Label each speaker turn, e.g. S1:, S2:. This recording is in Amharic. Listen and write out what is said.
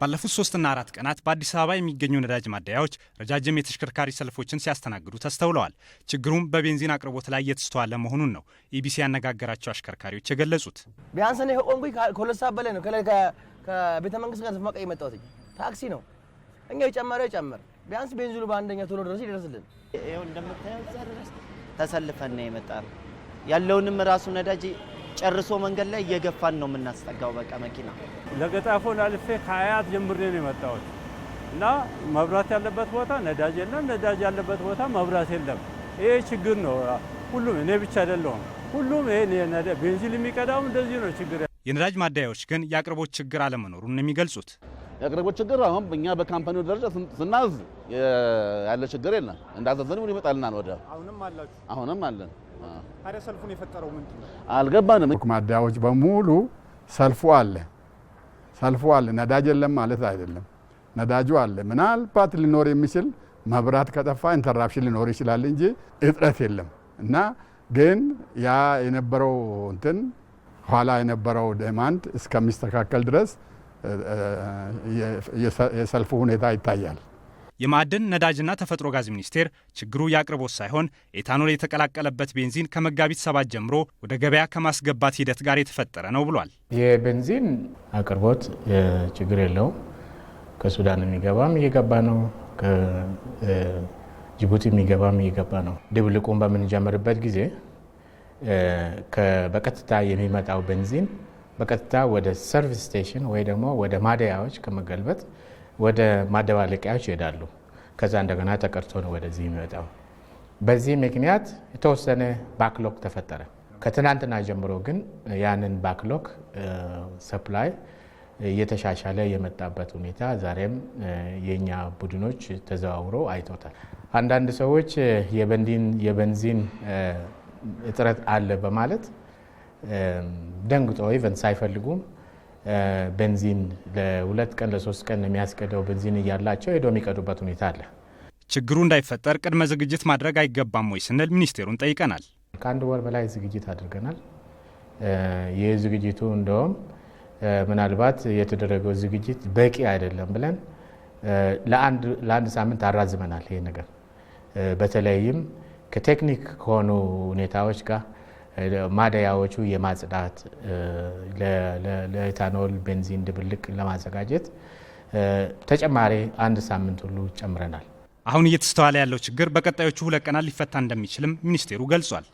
S1: ባለፉት ሶስትና አራት ቀናት በአዲስ አበባ የሚገኙ ነዳጅ ማደያዎች ረጃጅም የተሽከርካሪ ሰልፎችን ሲያስተናግዱ ተስተውለዋል። ችግሩም በቤንዚን አቅርቦት ላይ እየተስተዋለ መሆኑን ነው ኢቢሲ ያነጋገራቸው አሽከርካሪዎች የገለጹት።
S2: ቢያንስ እኔ ከቆምኩኝ ከሁለት ሰዓት በላይ ነው ከቤተ መንግስት ጋር ተፈማቀ የመጣሁት ታክሲ ነው። እኛ የጨመረ የጨመር ቢያንስ ቤንዚኑ በአንደኛ ቶሎ ድረስ ይደርስልን።
S3: ይኸው እንደምታየው ተሰልፈን ነው የመጣ ነው ያለውንም ራሱ ነዳጅ ጨርሶ መንገድ ላይ እየገፋን ነው የምናስጠጋው። በቃ መኪና
S4: ለገጣፎን አልፌ ከአያት ጀምሬ ነው የመጣሁት እና መብራት ያለበት ቦታ ነዳጅ የለም፣ ነዳጅ ያለበት ቦታ መብራት የለም። ይሄ ችግር ነው። ሁሉም እኔ ብቻ አይደለሁም። ሁሉም ይሄ ቤንዚን የሚቀዳውም እንደዚህ ነው ችግር።
S1: የነዳጅ ማደያዎች ግን የአቅርቦት ችግር አለመኖሩን የሚገልጹት
S5: የአቅርቦት ችግር አሁን እኛ በካምፓኒው ደረጃ ስናዝ ያለ ችግር የለም። እንዳዘዘን ይመጣልናል ወደ አሁንም አለን
S6: ታዲያ ሰልፉን የፈጠረው ምንድን ነው?
S5: አልገባንም።
S7: ማደያዎች በሙሉ ሰልፉ አለ፣ ሰልፉ አለ። ነዳጅ የለም ማለት አይደለም፣ ነዳጁ አለ። ምናልባት ሊኖር የሚችል መብራት ከጠፋ ኢንተራፕሽን ሊኖር ይችላል እንጂ እጥረት የለም እና ግን ያ የነበረው እንትን ኋላ የነበረው ደማንድ እስከሚስተካከል ድረስ የሰልፉ ሁኔታ ይታያል።
S1: የማዕድን ነዳጅና ተፈጥሮ ጋዝ ሚኒስቴር ችግሩ የአቅርቦት ሳይሆን ኤታኖል የተቀላቀለበት ቤንዚን ከመጋቢት ሰባት ጀምሮ ወደ ገበያ ከማስገባት ሂደት ጋር የተፈጠረ ነው ብሏል።
S8: የቤንዚን አቅርቦት ችግር የለውም። ከሱዳን የሚገባም እየገባ ነው ከጅቡቲ የሚገባም እየገባ ነው። ድብልቁን በምንጀምርበት ጊዜ በቀጥታ የሚመጣው ቤንዚን በቀጥታ ወደ ሰርቪስ ስቴሽን ወይ ደግሞ ወደ ማደያዎች ከመገልበጥ ወደ ማደባለቂያዎች ይሄዳሉ። ከዛ እንደገና ተቀርቶ ነው ወደዚህ የሚወጣው። በዚህ ምክንያት የተወሰነ ባክሎክ ተፈጠረ። ከትናንትና ጀምሮ ግን ያንን ባክሎክ ሰፕላይ እየተሻሻለ የመጣበት ሁኔታ ዛሬም የእኛ ቡድኖች ተዘዋውሮ አይቶታል። አንዳንድ ሰዎች የቤንዚን እጥረት አለ በማለት ደንግጦ ኢቨን ሳይፈልጉም ቤንዚን ለሁለት ቀን ለሶስት ቀን የሚያስቀደው ቤንዚን እያላቸው ሄዶ የሚቀዱበት ሁኔታ አለ።
S1: ችግሩ እንዳይፈጠር ቅድመ ዝግጅት ማድረግ አይገባም ወይ ስንል ሚኒስቴሩን ጠይቀናል።
S8: ከአንድ ወር በላይ ዝግጅት አድርገናል። ይህ ዝግጅቱ እንደውም ምናልባት የተደረገው ዝግጅት በቂ አይደለም ብለን ለአንድ ሳምንት አራዝመናል። ይህ ነገር በተለይም ከቴክኒክ ከሆኑ ሁኔታዎች ጋር ማደያዎቹ የማጽዳት ለኢታኖል ቤንዚን ድብልቅ ለማዘጋጀት ተጨማሪ አንድ ሳምንት ሁሉ ጨምረናል።
S1: አሁን እየተስተዋለ ያለው ችግር በቀጣዮቹ ሁለት ቀናት ሊፈታ እንደሚችልም ሚኒስቴሩ ገልጿል።